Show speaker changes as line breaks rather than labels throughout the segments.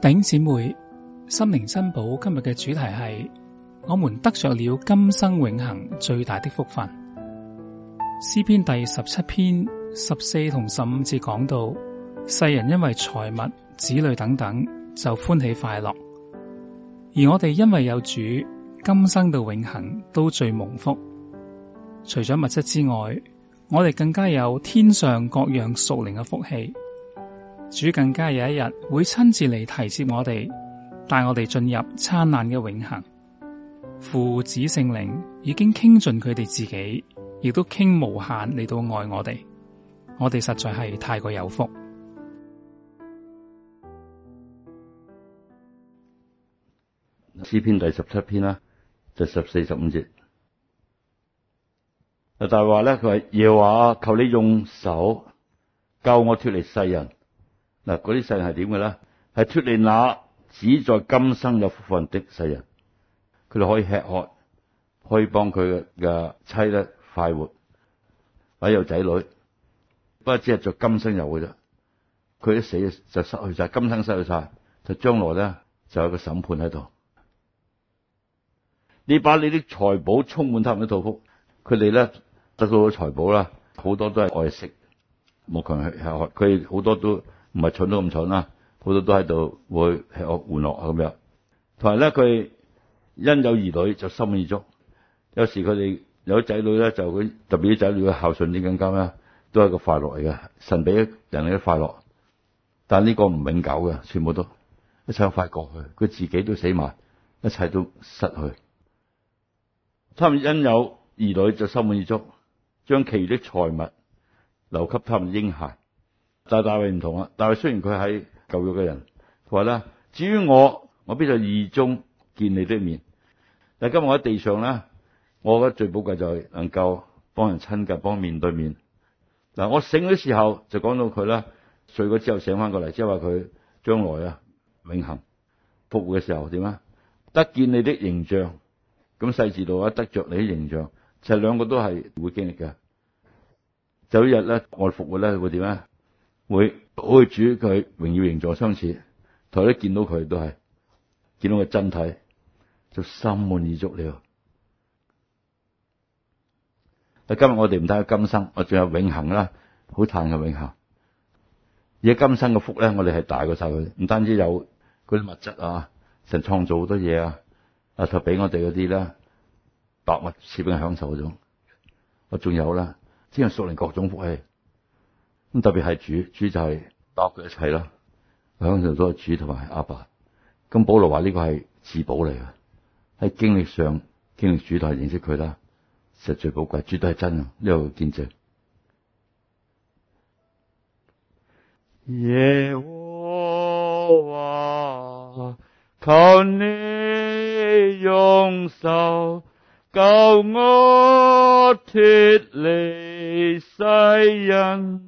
弟兄姊妹心靈珍寶今日嘅主題係，我們得着了今生永恆最大的福分。詩篇第十七篇十四同十五節講到，世人因為財物、子女等等就歡喜快樂，而我哋因為有主，今生到永恆都最蒙福。除咗物質之外，我哋更加有天上各樣屬靈嘅福氣。主更加有一日會親自嚟提接我哋，帶我哋進入燦爛嘅永恆。父子聖靈已經傾盡佢哋自己，亦都傾無限嚟到愛我哋。我哋實在係太過有福。詩篇第十七篇啦，就十四十五節。啊，大話咧，佢話，耶和華求你用手救我脫離世人。嗱，嗰啲世人係點嘅咧？係脫離那只在今生有福分的世人，佢哋可以吃喝，可以幫佢嘅妻咧快活，搵有仔女，不過只係在今生有嘅啫。佢一死就失去晒，今生失去晒，就將來咧就有一個審判喺度。你把你啲財寶充滿他們的肚腹，佢哋咧得到咗財寶啦，好多都係愛惜、冇強、吃喝，佢哋好多都。唔係蠢到咁蠢啦，好多都喺度會吃喝玩樂啊咁樣。同埋咧，佢因有兒女就心滿意足。有時佢哋有仔女咧，就佢特別啲仔女嘅孝順啲更加咧，都係一個快樂嚟嘅。神俾人哋嘅快樂，但係呢個唔永久嘅，全部都一齊快過去，佢自己都死埋，一切都失去。他們因有兒女就心滿意足，將其餘的財物留給他們嬰孩。但大衛唔同啊，大衛雖然佢喺舊約嘅人，佢話咧，至於我，我必在義中見你的面。但係今日我喺地上咧，我覺得最寶貴就係能夠幫人親近，幫面對面。嗱，我醒嘅時候就講到佢啦，睡過之後醒翻過嚟，即係話佢將來啊永恒復活嘅時候點啊？得見你的形象，咁細緻度啊得着你的形象，其實兩個都係會經歷嘅。就一日咧，我復活咧會點呀？會，我會主佢榮耀形像相似，頭一見到佢都係見到個真體，就心滿意足了。今但今日我哋唔單止有今生，我仲有永恒啦，好嘆嘅永恒。而家今生嘅福咧，我哋係大過晒佢，唔單止有嗰啲物質啊，神創造好多嘢啊，啊，就俾我哋嗰啲啦，百物賜俾人享受嗰種，我仲有啦，天降屬靈各種福氣。咁特別係主，主就係包佢一切啦。響度都係主同埋阿爸。咁，保羅話呢個係至寶嚟嘅，喺經歷上經歷主都係認識佢啦，實在最寶貴，主都係真啊！呢個見證。
耶和華啊，求你用手救我脫離世人。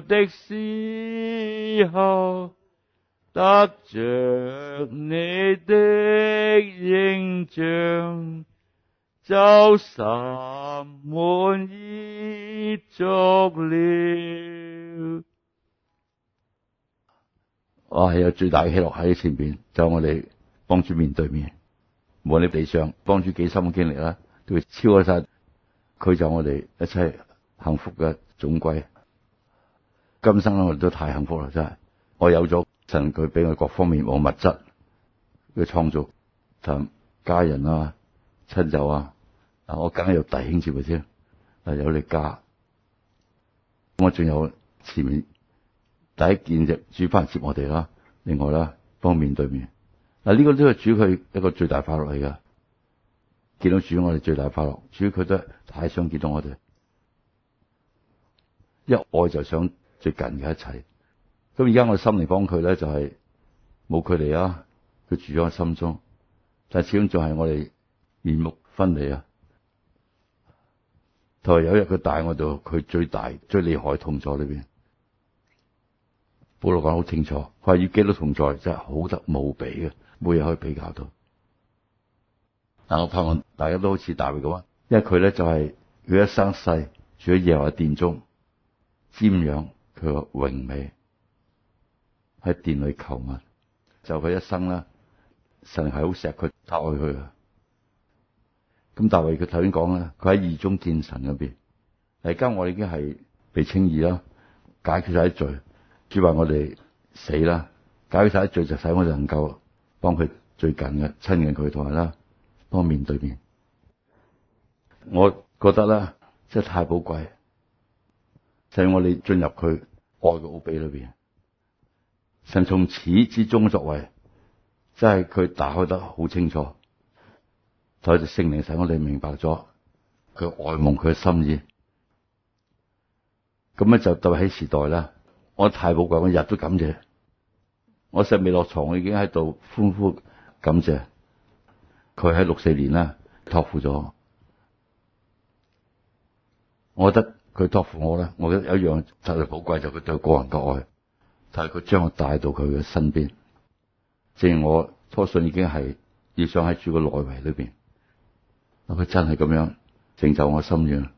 的時候，得着你的形象，就心滿意足了。
我係有最大嘅喜樂喺前邊，就我哋幫主面對面，無論你地上幫主幾深嘅經歷啊，都會超過晒，佢就我哋一切幸福嘅總歸。今生我哋都太幸福啦，真係我有咗神佢俾我各方面冇物質嘅創造，同家人啊、親友啊，我梗係有弟兄接佢先，啊有你家，咁我仲有前面第一件就主返接我哋啦，另外啦，方面對面，嗱、啊、呢、呢個都係主佢一個最大快樂嚟噶，見到主我哋最大快樂，主佢都係太想見到我哋，一愛就想。最近嘅一切，咁而家我心嚟講佢咧，就係冇距離啊。佢住咗我心中，但係始終仲係我哋面目分離啊。同埋有一日佢帶我到佢最大最厲害同在裏邊，保羅講好清楚，佢話與基督同在真係好得無比嘅，冇嘢可以比較到。但我盼望大家都好似大衛咁，因為佢咧就係、是、佢一生世住喺耶和華殿中瞻仰。尖佢話榮美喺殿裡求問，就佢一生啦。神係好錫佢，打愛佢啊！咁大衛佢頭先講啦，佢喺義中見神嘅面。而家我已經係被稱義啦，解決晒啲罪。主話我哋死啦，解決晒啲罪就使我能夠幫佢最近嘅親人，佢同埋啦，幫面對面。我覺得咧，真係太寶貴，使、就是、我哋進入佢。愛嘅奧秘裏邊，神從始至終作為，真係佢打開得好清楚。在只聖靈使，我哋明白咗佢愛慕佢嘅心意。咁咧就特喺時代咧，我太寶貴，我日都感謝。我細未落床，我已經喺度歡呼感謝。佢喺六四年咧託付咗，我覺得。佢托付我咧，我覺得有一樣特別寶貴就佢、是、對他個人嘅愛，但係佢將我帶到佢嘅身邊，正如我初信已經係要想喺住個內圍裏邊，佢真係咁樣成就我心願，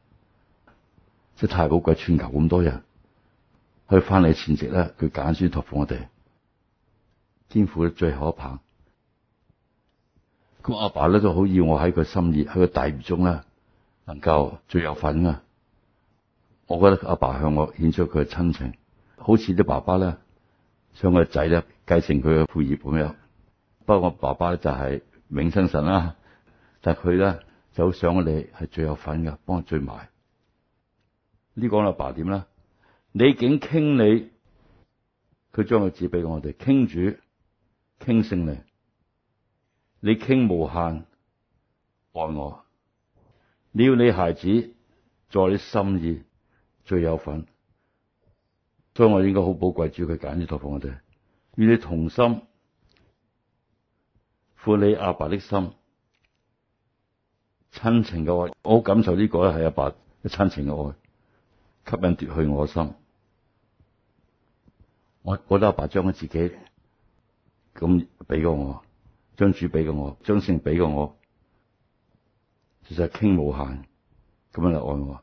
即係太寶貴，全球咁多人佢翻嚟前夕咧，佢揀先託付我哋，肩負最後一棒，咁阿爸咧都好要我喺佢心意喺佢大魚中咧，能夠最有份啊！我覺得阿爸，爸向我顯出佢嘅親情，好似啲爸爸咧想個仔咧繼承佢嘅父業咁樣。不過我爸爸就係永生神啦，啊，但係佢咧就好想我哋係最有份嘅，幫我追埋。爸爸呢個阿爸點啦？你竟傾你，佢將個紙俾我哋傾主，傾勝利，你傾無限愛我。你要你孩子做你心意。最有份，所以我應該好寶貴，住佢揀呢套房我哋。與你同心，父你阿爸，爸的心，親情嘅愛，我好感受呢個咧係阿爸嘅親情嘅愛，吸引奪去我心。我覺得阿爸將佢自己咁俾咗我，將主俾咗我，將姓俾咗我，其實係傾無限咁樣嚟愛我。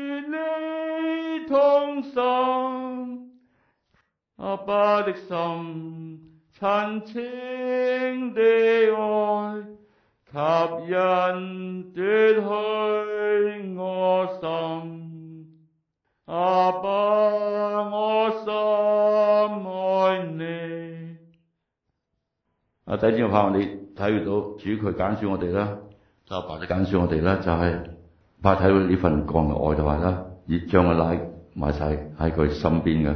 阿爸的心，純清的愛，及人奪去我心。阿爸，我心愛你。
阿仔，知道盼望你體悟到主佢揀選我哋啦，阿爸揀選我哋啦，就係、是、怕睇到呢份光和愛就話啦，已將我拉埋晒喺佢身邊嘅。